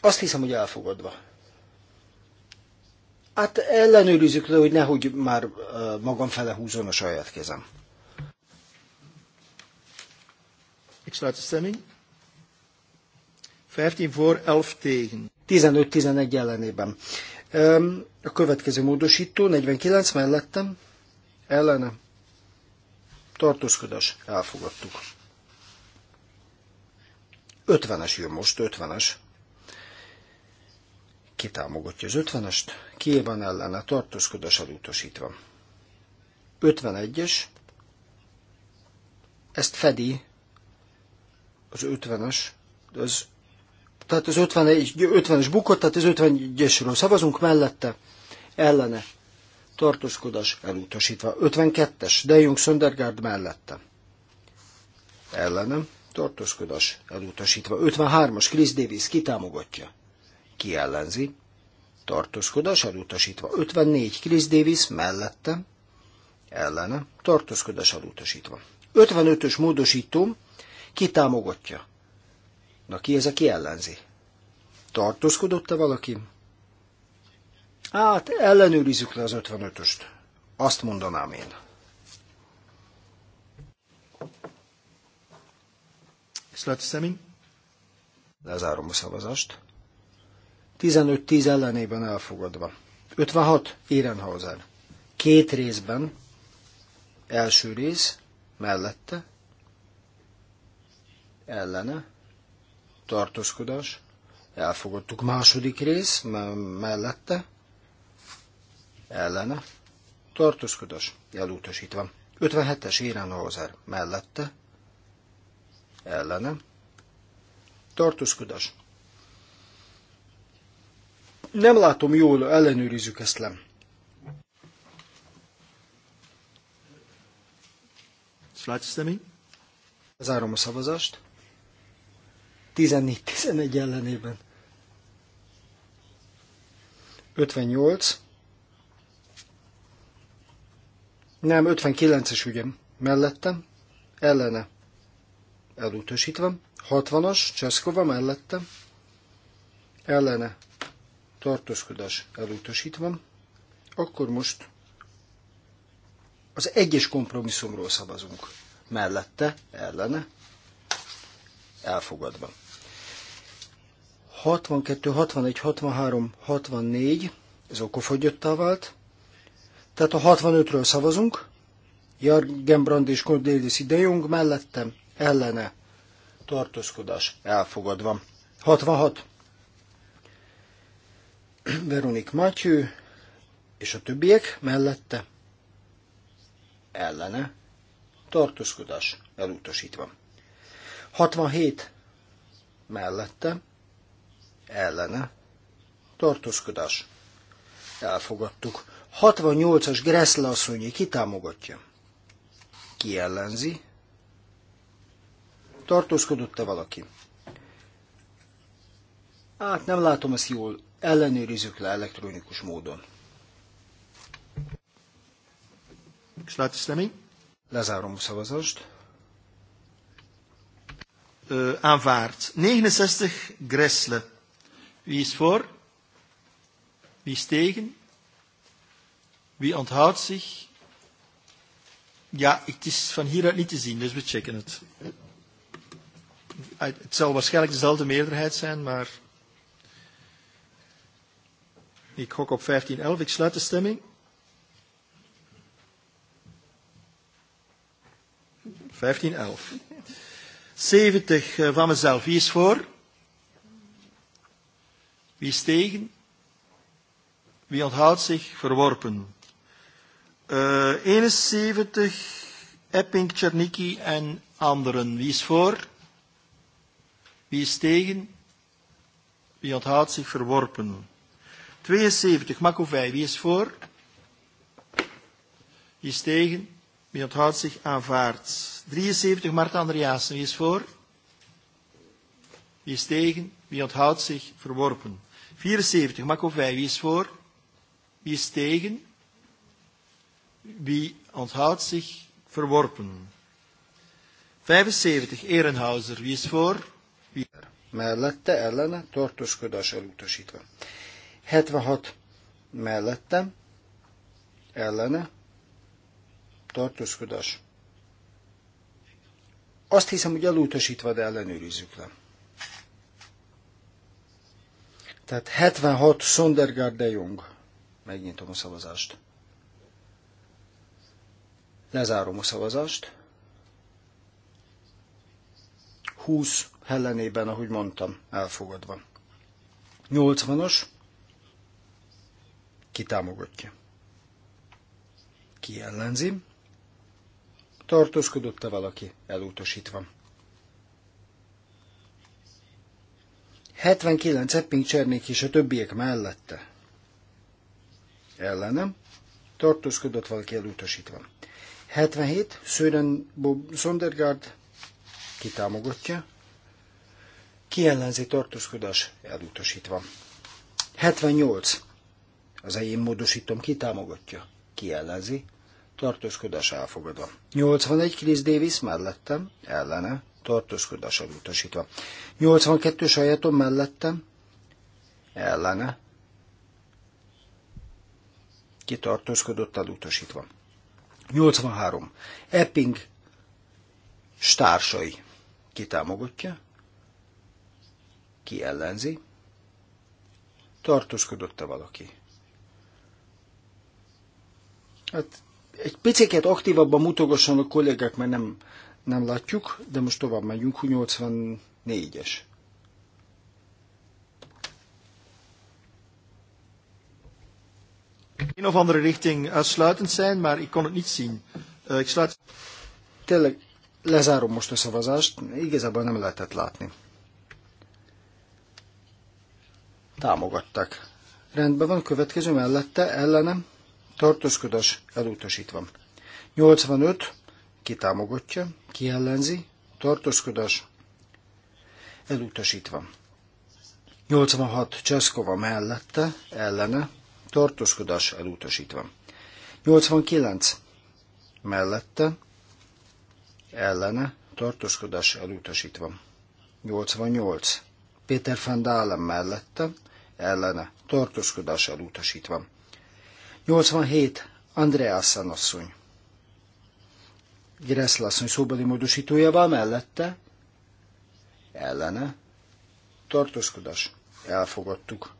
Azt hiszem, hogy elfogadva. Hát ellenőrizzük le, hogy nehogy már magam fele húzon a saját kezem. Ik sluit de stemming. 15 voor, 11 tegen. 15-11 ellenében. A következő módosító, 49 mellettem, ellene, tartózkodás, elfogadtuk. 50-es jön most, 50-es. Ki támogatja az 50-est? Ki van ellene, tartózkodás elutasítva. 51-es, ezt fedi az 50-es, az, tehát az 50-es bukott, tehát az 51-esről szavazunk mellette, ellene, tartózkodás elutasítva. 52-es, De Jong Söndergaard mellette, ellenem, tartózkodás elutasítva. 53-as, Chris Davis kitámogatja, ki ellenzi, tartózkodás elutasítva. 54, Chris Davis mellette, ellene, tartózkodás elutasítva. 55-ös módosító ki támogatja? Na ki ez, aki ellenzi? Tartózkodott-e valaki? Hát ellenőrizzük le az 55-öst. Azt mondanám én. Szletszemi. Lezárom a szavazást. 15-10 ellenében elfogadva. 56. Érenhauser. Két részben. Első rész, mellette, ellene, tartózkodás, elfogadtuk második rész mellette, ellene, tartózkodás, elutasítva. 57-es Érenhauser mellette, ellene, tartózkodás. Nem látom jól, ellenőrizzük ezt le. Látsz, mi? Zárom a szavazást. 14-11 ellenében. 58. Nem, 59-es ügyem. Mellettem. Ellene. Elutasítva. 60-as. Cseszkova mellettem. Ellene. Tartózkodás elutasítva. Akkor most az egyes kompromisszumról szavazunk. Mellette, ellene, elfogadva. 62, 61, 63, 64, ez okofogyottá vált. Tehát a 65-ről szavazunk. Jargen Brand és Cordélis de Jong mellettem, ellene. Tartózkodás elfogadva. 66. Veronik Matyő és a többiek mellette ellene tartózkodás elutasítva. 67 mellette ellene, tartózkodás, elfogadtuk. 68-as Gressle asszonyi kitámogatja, ki ellenzi, tartózkodott-e valaki? Hát nem látom ezt jól, ellenőrizzük le elektronikus módon. Lezárom a szavazást. Uh, aanvaard. 69 Gressle. Wie is voor? Wie is tegen? Wie onthoudt zich? Ja, het is van hieruit niet te zien, dus we checken het. Het zal waarschijnlijk dezelfde meerderheid zijn, maar ik gok op 15-11. Ik sluit de stemming. 15-11. 70 eh, van mezelf. Wie is voor? Wie is tegen? Wie onthoudt zich? Verworpen. Uh, eh, 71, Epping, Czerniki en anderen. Wie is voor? Wie is tegen? Wie onthoudt zich? Verworpen. 72, Makovij. Wie is voor? Wie is tegen? Wie onthoudt zich? Aanvaard. 73, Marta Andreasen. Wie is voor? Wie is tegen? Wie onthoudt zich? Verworpen. 74, Makovij, wie is voor? Wie is tegen? Wie onthoudt zich? Verworpen. 75, Ehrenhauser, wie is voor? Wie... Mellette, ellene, tartózkodás elutasítva. 76, mellette, ellene, tartózkodás. Azt hiszem, hogy elutasítva, de ellenőrizzük le. Tehát 76 Sondergaard de Jong. Megnyitom a szavazást. Lezárom a szavazást. 20 ellenében, ahogy mondtam, elfogadva. 80-as. Ki támogatja? Ki ellenzi? Tartózkodott-e valaki? Elutasítva. 79 Epping Csernék és a többiek mellette. Ellenem. Tartózkodott valaki elutasítva. 77 Sören Bob Sondergaard kitámogatja. Kiellenzi tartózkodás elutasítva. 78 az én módosítom kitámogatja. Kiellenzi tartózkodás elfogadva. 81 Chris Davis mellettem, ellene, tartózkodás utasítva. 82 sajátom mellettem, ellene, kitartózkodott elutasítva. 83. Epping stársai kitámogatja, ki ellenzi, tartózkodott-e valaki. Hát egy picit aktívabban mutogasson a kollégák, mert nem nem látjuk, de most tovább megyünk, 84-es. Een of andere richting uitsluitend zijn, maar ik kon het niet zien. Uh, ik sluit... Tényleg lezárom most a szavazást, igazából nem lehetett látni. Támogatták. Rendben van, következő mellette, ellenem, tartózkodás elutasítva. 85, ki támogatja, ki ellenzi? Tartózkodás. Elutasítva. 86 Cseszkova mellette, ellene, tartózkodás elutasítva. 89 mellette, ellene, tartózkodás elutasítva. 88 Péter van Dálem mellette, ellene, tartózkodás elutasítva. 87 Andreas asszony Gressel asszony szóbeli módosítójával mellette ellene tartózkodás elfogadtuk.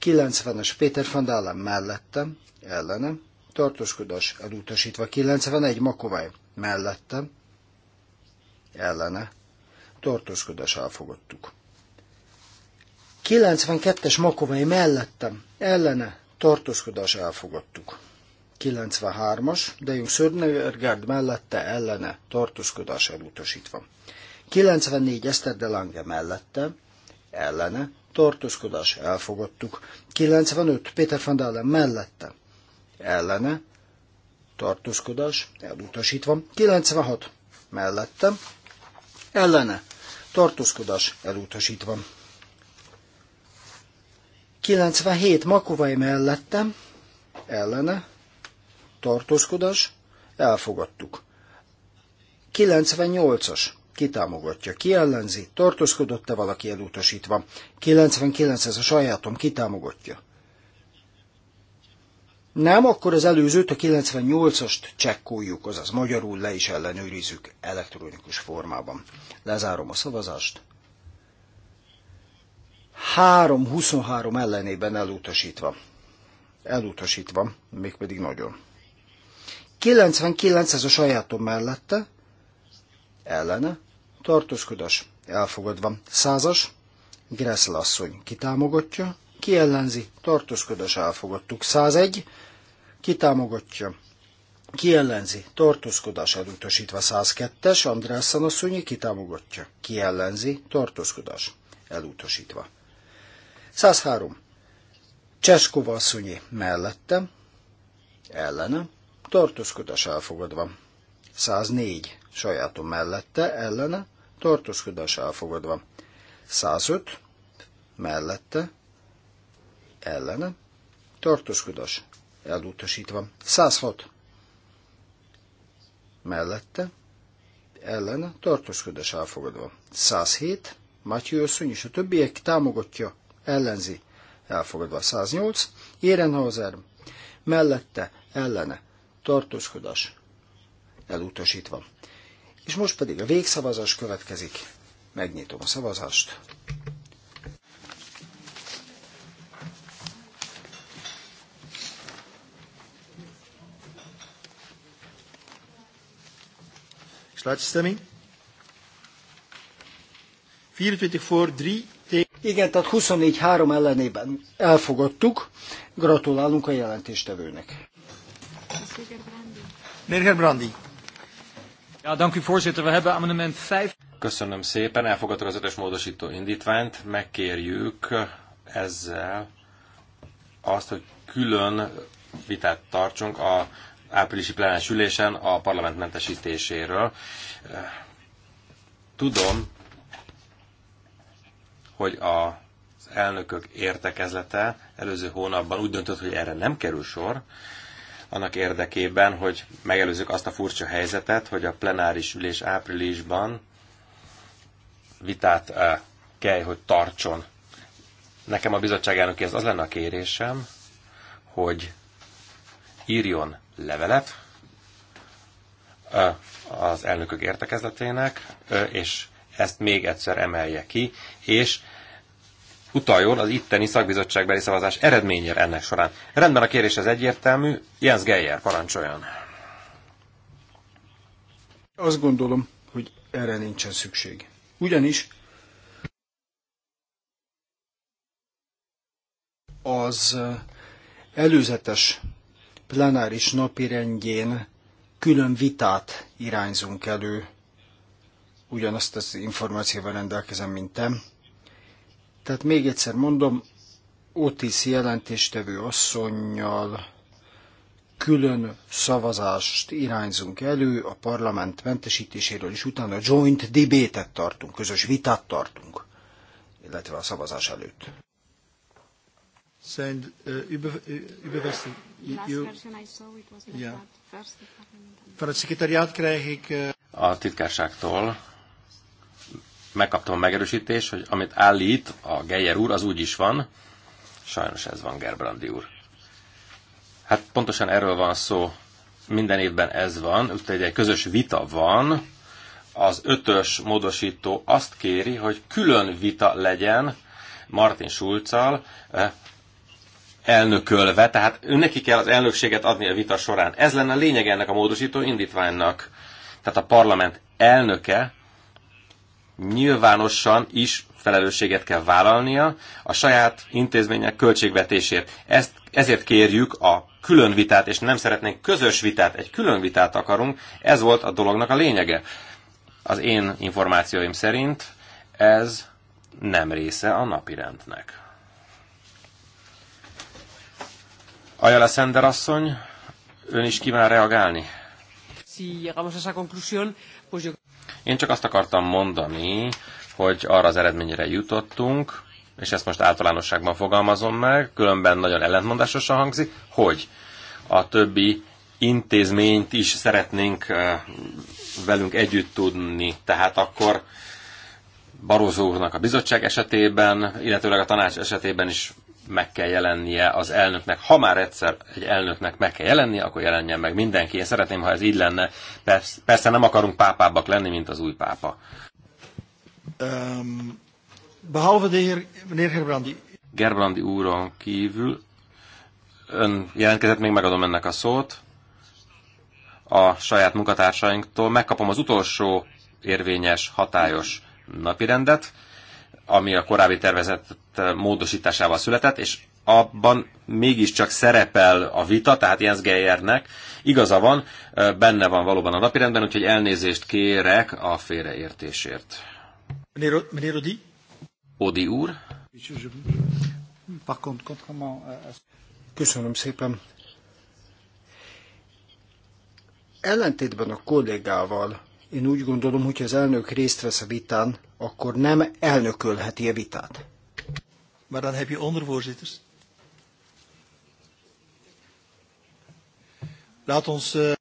90-es Péter van Dálem mellettem, ellenem, tartózkodás elutasítva. 91 Makovály mellettem, ellene, tartózkodás elfogadtuk. 92-es Makovály mellettem, ellene, tartózkodás elfogadtuk. 93-as, de Jung Sörnergárd mellette ellene tartózkodás elutasítva. 94 Eszter de Lange mellette ellene tartózkodás elfogadtuk. 95 Péter van Dalen mellette ellene tartózkodás elutasítva. 96 mellette ellene tartózkodás elutasítva. 97 Makovai mellette ellene, tartózkodás, elfogadtuk. 98-as, kitámogatja, kiellenzi, tartózkodott-e valaki elutasítva. 99 ez a sajátom, kitámogatja. Nem, akkor az előzőt, a 98-ast csekkoljuk, azaz magyarul le is ellenőrizzük elektronikus formában. Lezárom a szavazást. 3-23 ellenében elutasítva. Elutasítva, mégpedig nagyon. 99, ez a sajátom mellette, ellene, tartózkodás, elfogadva. Százas, Gressel asszony kitámogatja, kiellenzi, tartózkodás, elfogadtuk. 101, kitámogatja, kiellenzi tartózkodás elutasítva. 102-es, Andrásszan asszony kitámogatja, kiellenzi tartózkodás elutasítva. 103. Cseskova asszonyi mellette, ellene, tartózkodás elfogadva. 104 sajátom mellette, ellene, tartózkodás elfogadva. 105 mellette, ellene, tartózkodás elutasítva. 106 mellette, ellene, tartózkodás elfogadva. 107 Matyő Összöny és a többiek támogatja, ellenzi, elfogadva. 108 Érenhauser mellette, ellene, tartózkodás elutasítva. És most pedig a végszavazás következik. Megnyitom a szavazást. Sluitstemming. 24 voor 3 igen, tehát 24-3 ellenében elfogadtuk. Gratulálunk a jelentéstevőnek. Meneer Brandi. Ja, dank u voorzitter. We hebben amendement 5. Köszönöm szépen, elfogadtuk az ötös módosító indítványt, megkérjük ezzel azt, hogy külön vitát tartsunk a áprilisi plenáris ülésen a parlament mentesítéséről. Tudom, hogy a elnökök értekezlete előző hónapban úgy döntött, hogy erre nem kerül sor, annak érdekében, hogy megelőzzük azt a furcsa helyzetet, hogy a plenáris ülés áprilisban vitát eh, kell, hogy tartson. Nekem a bizottság elnöki az lenne a kérésem, hogy írjon levelet eh, az elnökök értekezletének, eh, és ezt még egyszer emelje ki, és utaljon az itteni szakbizottságbeli szavazás eredményére ennek során. Rendben, a kérés az egyértelmű. Jens Geyer, parancsoljon. Azt gondolom, hogy erre nincsen szükség. Ugyanis az eh, előzetes plenáris rendjén külön vitát irányzunk elő, ugyanazt az információval rendelkezem, mint te, tehát még egyszer mondom, Otis jelentéstevő asszonynal külön szavazást irányzunk elő a parlament mentesítéséről, és utána a joint debate-et tartunk, közös vitát tartunk, illetve a szavazás előtt. Send, uh, über, über, you, yeah. Van a szekretariát krijg uh, A titkárságtól megkaptam a megerősítést, hogy amit állít a Geyer úr, az úgy is van. Sajnos ez van, Gerbrandi úr. Hát pontosan erről van szó. Minden évben ez van. Itt egy közös vita van. Az ötös módosító azt kéri, hogy külön vita legyen Martin Schulzal, eh, elnökölve, tehát neki kell az elnökséget adni a vita során. Ez lenne a lényeg ennek a módosító indítványnak. Tehát a parlament elnöke nyilvánosan is felelősséget kell vállalnia a saját intézmények költségvetésért. Ezt, ezért kérjük a külön vitát, és nem szeretnénk közös vitát, egy külön vitát akarunk, ez volt a dolognak a lényege. Az én információim szerint ez nem része a napirendnek. Ajala Szender asszony, ön is kíván reagálni? Én csak azt akartam mondani, hogy arra az eredményre jutottunk, és ezt most általánosságban fogalmazom meg, különben nagyon ellentmondásosan hangzik, hogy a többi intézményt is szeretnénk velünk együtt tudni. Tehát akkor Barózó úrnak a bizottság esetében, illetőleg a tanács esetében is meg kell jelennie az elnöknek. Ha már egyszer egy elnöknek meg kell jelennie, akkor jelenjen meg mindenki. Én szeretném, ha ez így lenne. Persze, persze nem akarunk pápábbak lenni, mint az új pápa. Um, behalve de heer, Gerbrandi. Gerbrandi úron kívül ön jelentkezett, még megadom ennek a szót a saját munkatársainktól. Megkapom az utolsó érvényes, hatályos napirendet ami a korábbi tervezet módosításával született, és abban mégiscsak szerepel a vita, tehát Jens Geyernek igaza van, benne van valóban a napirendben, úgyhogy elnézést kérek a félreértésért. Meneer Odi? Odi úr? Eh, eh, Köszönöm szépen. Ellentétben a kollégával én úgy gondolom, hogy ha az elnök részt vesz a vitán, akkor nem elnökölheti a vitát. Maar dan heb je ondervoorzitters. Laat ons... Uh...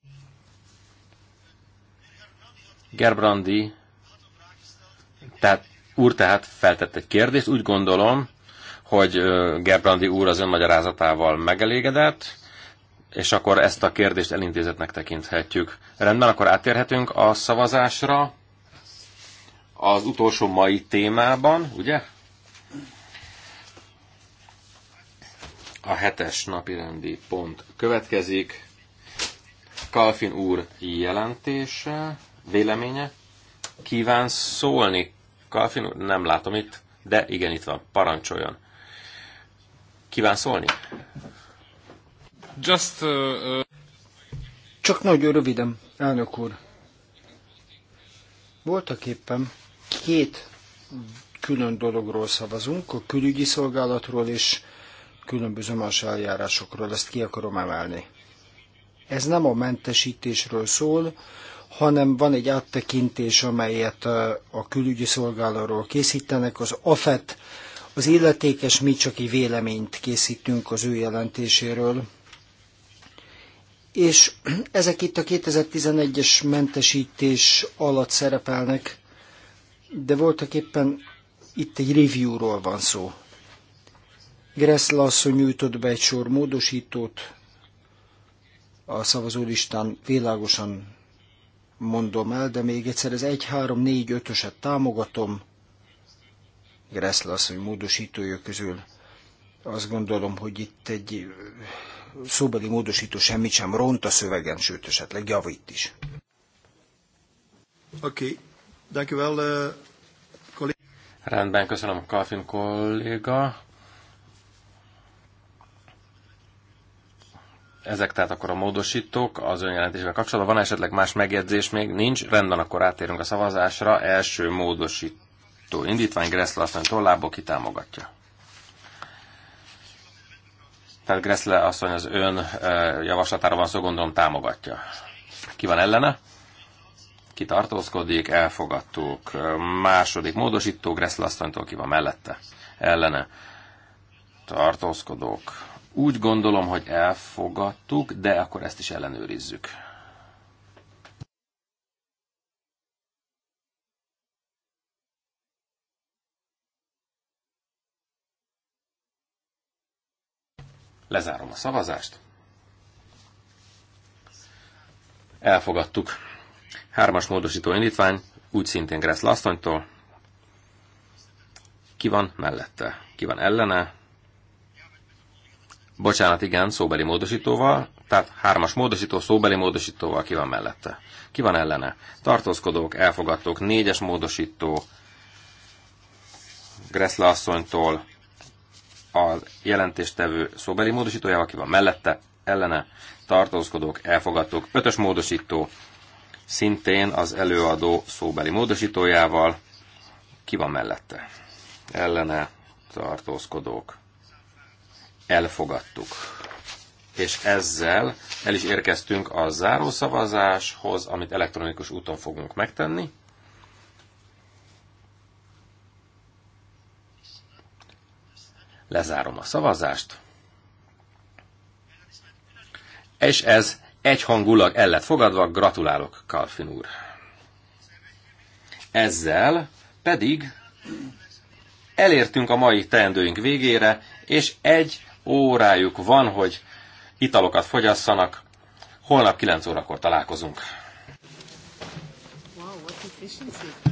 Gerbrandi, tehát úr tehát feltett egy kérdést. Úgy gondolom, hogy eh, Gerbrandi úr az önmagyarázatával megelégedett és akkor ezt a kérdést elintézetnek tekinthetjük. Rendben, akkor átérhetünk a szavazásra az utolsó mai témában, ugye? A hetes napi rendi pont következik. Kalfin úr jelentése, véleménye. Kíván szólni? Kalfin úr, nem látom itt, de igen, itt van, parancsoljon. Kíván szólni? Just, uh, uh, Csak nagyon röviden, elnök úr. Voltak éppen két külön dologról szavazunk, a külügyi szolgálatról és különböző más eljárásokról, ezt ki akarom emelni. Ez nem a mentesítésről szól, hanem van egy áttekintés, amelyet uh, a külügyi szolgálatról készítenek, az AFET, az illetékes, mi csak egy véleményt készítünk az ő jelentéséről, és ezek itt a 2011-es mentesítés alatt szerepelnek, de voltak éppen itt egy review-ról van szó. Gressla asszony nyújtott be egy sor módosítót, a szavazólistán világosan mondom el, de még egyszer az 1, 3, 4, 5-öset támogatom, Gressla asszony módosítója közül azt gondolom, hogy itt egy szóbeli módosító semmit sem ront a szövegen, sőt esetleg javít is. Oké, okay. dankjewel, uh, Rendben, köszönöm, Kalfin kolléga. Ezek tehát akkor a módosítók az önjelentésével kapcsolatban. Van esetleg más megjegyzés még? Nincs. Rendben, akkor átérünk a szavazásra. Első módosító indítvány Gressler asszony tollából kitámogatja. Tehát Gressler asszony az ön javaslatára van szó, gondolom támogatja. Ki van ellene? Ki tartózkodik? Elfogadtuk. Második módosító Gressler asszonytól ki van mellette? Ellene. Tartózkodók. Úgy gondolom, hogy elfogadtuk, de akkor ezt is ellenőrizzük. Lezárom a szavazást. Elfogadtuk. Hármas módosító indítvány, úgy szintén Gressz Lasztonytól. Ki van mellette? Ki van ellene? Bocsánat, igen, szóbeli módosítóval, tehát hármas módosító, szóbeli módosítóval ki van mellette. Ki van ellene? Tartózkodók, elfogadtók, négyes módosító, Gressle asszonytól, az jelentéstevő szóbeli módosítója, aki van mellette, ellene, tartózkodók, elfogadtuk. Ötös módosító, szintén az előadó szóbeli módosítójával, ki van mellette, ellene, tartózkodók, elfogadtuk. És ezzel el is érkeztünk a zárószavazáshoz, amit elektronikus úton fogunk megtenni. Lezárom a szavazást. És ez egyhangulag el lett fogadva, gratulálok, Kalfin úr. Ezzel pedig elértünk a mai teendőink végére, és egy órájuk van, hogy italokat fogyasszanak. Holnap 9 órakor találkozunk. Wow, what efficiency.